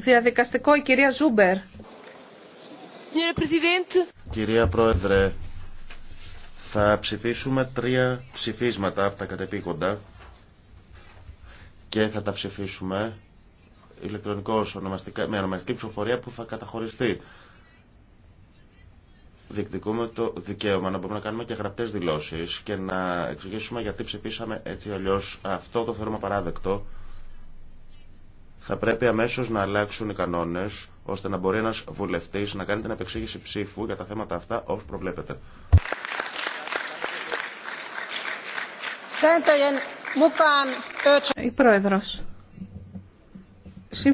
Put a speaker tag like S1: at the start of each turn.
S1: Διαδικαστικό η κυρία Ζούμπερ. Κυρία Πρόεδρε, θα ψηφίσουμε τρία ψηφίσματα από τα κατεπήγοντα και θα τα ψηφίσουμε ηλεκτρονικώς με ονομαστική ψηφοφορία που θα καταχωριστεί. Διεκδικούμε το δικαίωμα να μπορούμε να κάνουμε και γραπτές δηλώσεις και να εξηγήσουμε γιατί ψηφίσαμε έτσι αλλιώς. Αυτό το θεωρούμε παράδεκτο. Θα πρέπει αμέσως να αλλάξουν οι κανόνες, ώστε να μπορεί ένας βουλευτής να κάνει την επεξήγηση ψήφου για τα θέματα αυτά όπως προβλέπετε.
S2: Η Πρόεδρος.